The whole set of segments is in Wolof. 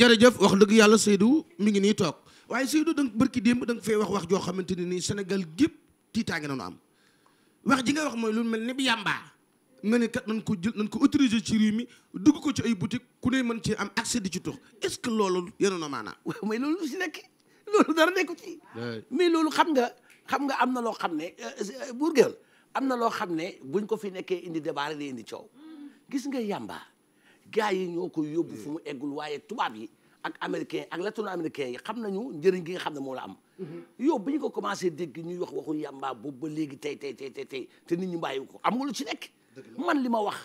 jërëjëf wax dëgg yàlla Seydou mi ngi nii toog waaye Seydou da nga bërki démb da fee wax wax joo xamante ne nii Sénégal gépp tiitaange na nu am wax ji nga wax mooy lu mel ni bi yàmbaa nga ne kat nañ ko jël nañ ko autorisé ci réew mi dugg ko ci ay boutique ku ne mën cee am accès di ci tux est-ce que loolu yenu na maanaa waaw mais loolu si nekk loolu dara nekku ci mais loolu xam nga xam nga am na loo xam ne euh, Bour Gueweul am na loo xam ne buñ ko fi nekkee indi débat rek indi coow gis nga yàmbaa gars yi ñoo ko yóbbu mm. fu mu eggul waaye tubaab yi ak américain ak latino-américain yi xam nañu njëriñ gi nga xam ne moo la am mm-hmm. yow bi ñu ko commencé dégg ñuy wax waxu yàmbaa boobu ba léegi tey tey tey tey tey te nit ñu bàyyi ko am ci nekk man li ma wax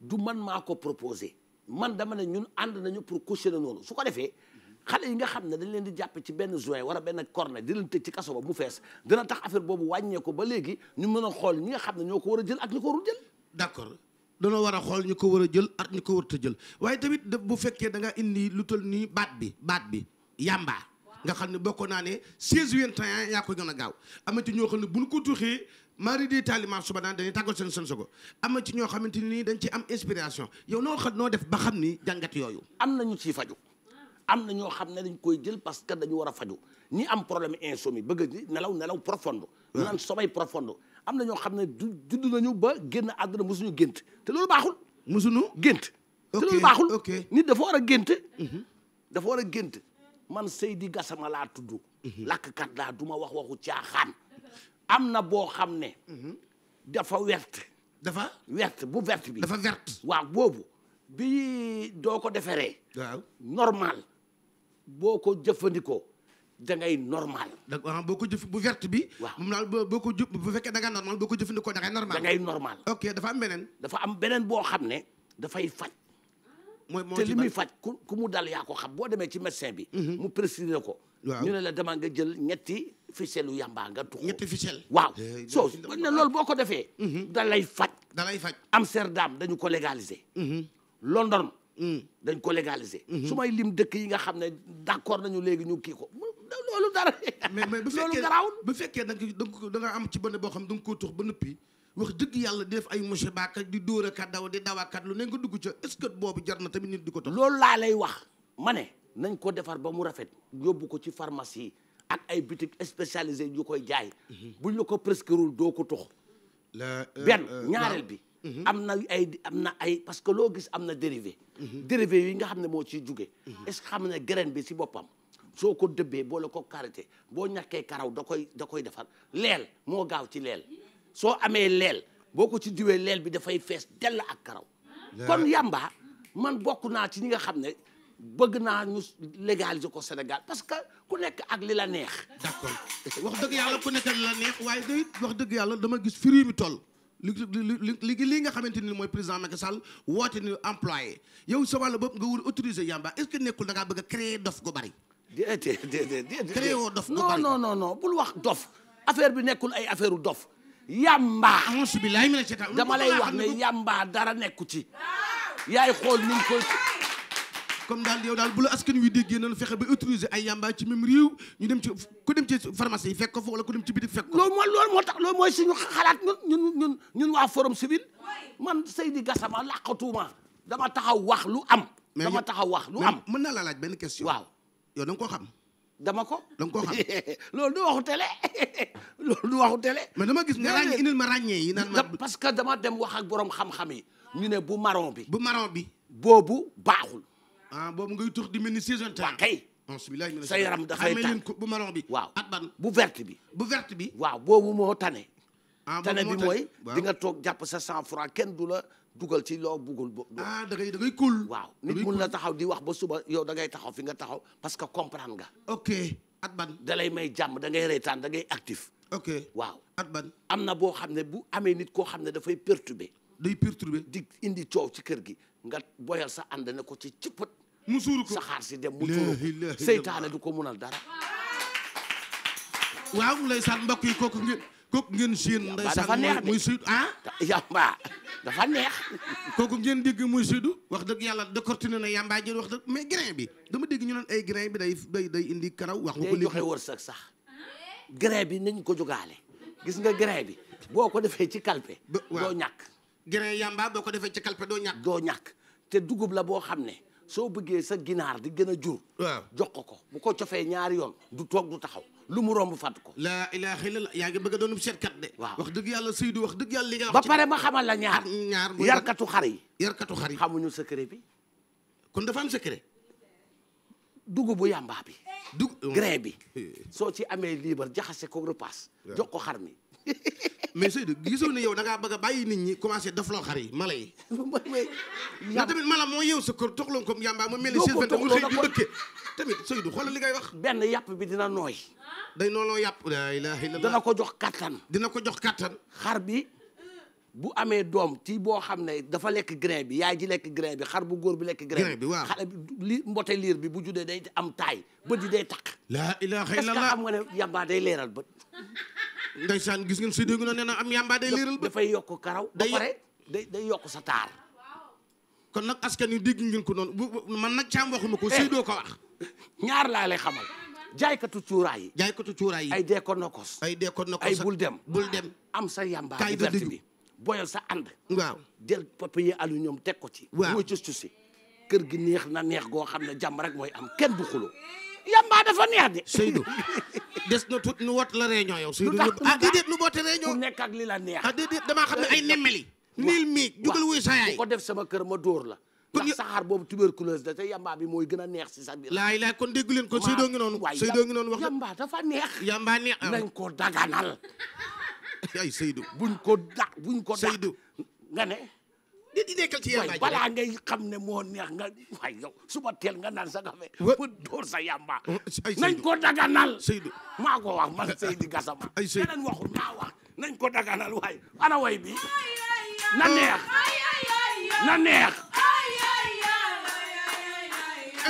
du man maa ko proposé man dama ne ñun ànd nañu pour cautionner noonu su ko defee mm-hmm. xale yi nga xam ne dañ leen di jàpp ci benn joint wala benn corne di leen tëj ci kaso ba mu fees dina tax affaire boobu wàññee ko ba léegi ñu mën a xool ñi nga xam ne ñoo ko war a jël ak ñu ko warul danoo war a xool ñu ko war a jël ak ñu ko warut a jël waaye tamit bu fekkee da indi lu toll nii baat bi baat bi yàmba nga xam ne bokkoon naa ne 16 21 yaa ko gën a gaaw am na ñoo xam ne bu ñu ko tuxee mari di taaliment suba daan dañuy seen seen sogo am ci ñoo xamante nii dañ ci am inspiration yow noo xam noo def ba xam ni jàngat yooyu am na ñu ciy faju am na ñoo xam ne dañ koy jël parce que dañu war a faju ñi am problème insomnie bëgg nelaw nelaw profonde ñu am sommeil profonde am na ñoo xam ne du judd nañu ba génn àdduna mosuñu gént te loolu baaxul. mosuñu gént. te loolu baaxul nit dafa war a gént. Mhm. dafa war a gént man Seydi Gassama laa tudd. Mhm. làkkat laa du ma wax waxu caaxaan. am na boo xam ne. Mhm. dafa wert. dafa wert bu wert bi. dafa wert waaw boobu. bi doo ko deferee. waaw normal boo ko jëfandikoo. da ngay normal. da boo ko jëf bu verte bi. waaw moom daal boo ko jëf bu fekkee da nga normal boo ko jëfandikoo da ngay normal. da ngay normal. ok dafa am beneen. dafa am beneen boo xam ne dafay faj. mooy moo li muy faj ku ku mu dal yaa ko xam boo demee ci médecin bi. Mhm. mu prescrire ko. waaw ñu ne a dama nga jël ñetti ficelle yu yàmbaa nga tuxoo. ñetti ficelle waaw. Eh, soo bañ na loolu boo ko defee. Mhm. da lay faj. da lay faj Amsterdam dañu ko légaliser. Mhm. London. dañ ko légaliser. su may lim dëkk yi nga xam ne d'accord nañu léegi ñu kii ko. loolu dara. mais mais bu fekkee bu fekkee da nga da am ci bënn boo xam da nga koo tux ba noppi wax dëgg yàlla def ay monsieur Bakka di dóor ak daw di lu ne nga dugg ca est que boobu jar na tamit nit ko loolu laa lay wax ma ne nañ koo defar ba mu rafet yóbbu ko ci pharmacie ak ay boutique spécialisée ñu koy jaay. Mhm. buñ la ko prescrire doo ko tux. Euh, benn euh, ñaareel bi. Mhm. am na ay am na ay parce que loo gis am na dérivé. Mhm. dérivé yi nga xam ne moo ciy jugee. est-ce que xam ne graine bi si boppam. soo ko dëbbee boole ko karité boo ñàkkee karaw da koy da koy defar leel moo gaaw ci leel soo amee leel boo ko ci diwee leel bi dafay fees dell ak karaw kon yamba man bokk naa ci ñi nga xam ne bëgg naa ñu légaliser ko Sénégal parce que ku nekk ak li la neex d'accord wax dëgg yàlla ku nekk ak li la waaye day wax dëgg yàlla dama gis firi mi toll li li li nga xamante ni mooy président Macky Sall woote ni employé yow sa wàll bopp nga wur autoriser yamba est-ce que nekkul da ngaa bëgg a créer dof gu bari déedéet déedéet déedéet. créé woo dof non non non non bul wax dof affaire bi nekkul ay affaire dof. yàmbaa dama lay wax ne yàmbaa dara nekku ci. yaay xool ni koy. comme daal yow daal bu la askan wi déggee noonu fexe ba utiliser ay yàmbaa ci même réew ñu dem ci ku dem ci pharmacie yi fekk ko fa wala ku dem ci bitik fekk ko. loolu mooy loolu moo tax loolu mooy suñu xalaat ñun ñun ñun ñun waa forum civil man Seydi Gassama làqatuuma dama taxaw wax lu am. dama taxaw wax lu am mën na la laaj benn question waaw. yow da nga koo xam. dama ko. da nga koo xam loolu du waxu télé loolu du waxu télé. mais dama gis ma ràññee yi naan parce que dama dem wax ak borom xam-xam yi. ñu ne bu marron bi. bu marron bi. boobu baaxul. ah boobu ngay tux di mel ni saison temps. waaw kay. sa yaram dafay tànn bu marron bi. waaw at ban bu verte bi. bu verte bi. waaw boobu moo tane. ah boobu moo tane bi mooy di nga toog jàpp sa cent franc kenn du la. dugal ci loo buggul bo ah da ngay da ngay cool waaw nit mun na taxaw di wax ba suba yow da ngay taxaw fi nga taxaw parce que comprendre nga ok at ban da lay may jàmm da ngay reetaan da ngay actif waaw at ban am na boo xam ne bu amee nit koo xam ne dafay perturber day perturber di indi coow ci kër gi nga boyal sa ànd ne ko ci cëppat musuuru ko sa xaar si dem musuuru seytaane du ko munal dara waaw ndeysaan mbokk yi kooku ngeen kooku ngeen seen ndeysaan muy suud ah yamba dafa neex kooku ngeen dégg muy suudu wax dëgg yàlla décortiné na yamba jël wax dëgg mais grain bi dama dégg ñu naan ay grain bi day day indi karaw wax nga ko léegi joxe wërsëg sax grain bi nañ ko jogaale gis nga grain bi boo ko defee ci kalpe doo ñàkk grain yamba boo ko defee ci kalpe doo ñàkk doo ñàkk te dugub la boo xam ne soo bëggee sa ginaar di gën a jur waaw jox ko ko bu ko cofee ñaari yoon du toog du taxaw lu mu romb fàtt ko laa ilaha illallah yaa ngi bëgg a doonum seetkat de waaw wax dëgg yàlla Seydou wax dëgg yàlla li nga wax ba pare ma xamal la ñaar yar katu xar yi yarkatu xar yi xamuñu secret bi kon dafa am secret dugub bu yàmbaa bi dug grain bi eh. soo ci amee liibar jaxase ko repasse jox ko xar mi mais Seydou gisoo ne yow da ngaa bàyyi nit ñi commencé dofloo xar yi mala yi. na tamit mala moo yow sa kër toxloon comme yamba mu mel ni. tamit Seydou xoolal li ngay wax. benn yàpp bi dina nooy. day nooloo yàpp la ilaha illallah dana ko jox kattan dina ko jox kattan xar bi bu amee doom ci boo xam ne dafa lekk grain bi yaay ji lekk grain bi xar bu góor bi lekk grain bi waaw xale bi li mbote liir bi bu juddee day am taay bët yi day taq la ilaha illallah est-ce que day leeral bët ndeysaan gis ngeen su dégg na na am yàmbaa dafay yokk karaw ba pare day day yokk sa taar kon nag askan wi dégg ngeen ko noon man na caam waxuma ko eh. suy doo ko wax ñaar laa lay xamal jaaykatu cuuraay yi. jaaykatu cuuraay yi ay ko nokos. ay deeko nokos ay bul dem bul dem. am sa yamba bi verte bi boyal sa ànd. waaw del papier ñoom teg ko ci. waaw mooy custu si kër gi neex na neex goo xam ne jàmm rek mooy am kenn du xuloo yamba dafa neex de. Seydou des na tuut nu wot la réunion yow. Seydou ah déedéet nu boote réunion. ku nekk ak li la neex. ah damaa xam ne ay nemmeli. niil mi jugal wuy sa ko def sama kër ma dóor la. ndax saxaar boobu tuberculose da te yamba bi mooy gën a neex si sa biir laay laay kon déggu leen kon Seydou ngi noonu Seydou ngi noonu wax yamba dafa neex yamba neex ah. nañ buñ ko da buñ ko da nga ne di xam ne moo neex nga waay yow suba nga naan sa sa yamba nañ ko daganal Seydou maa ko wax man Seydi Gassama ay na neex na neex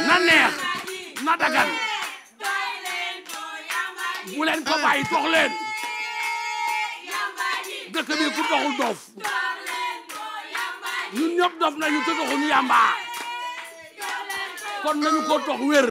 na neex na dagan bu leen ko bàyyi dox leen dëkk bi ku doxul doof ñun ñëpp dof nañu te doxuñu yàmba kon nañu ko dox wér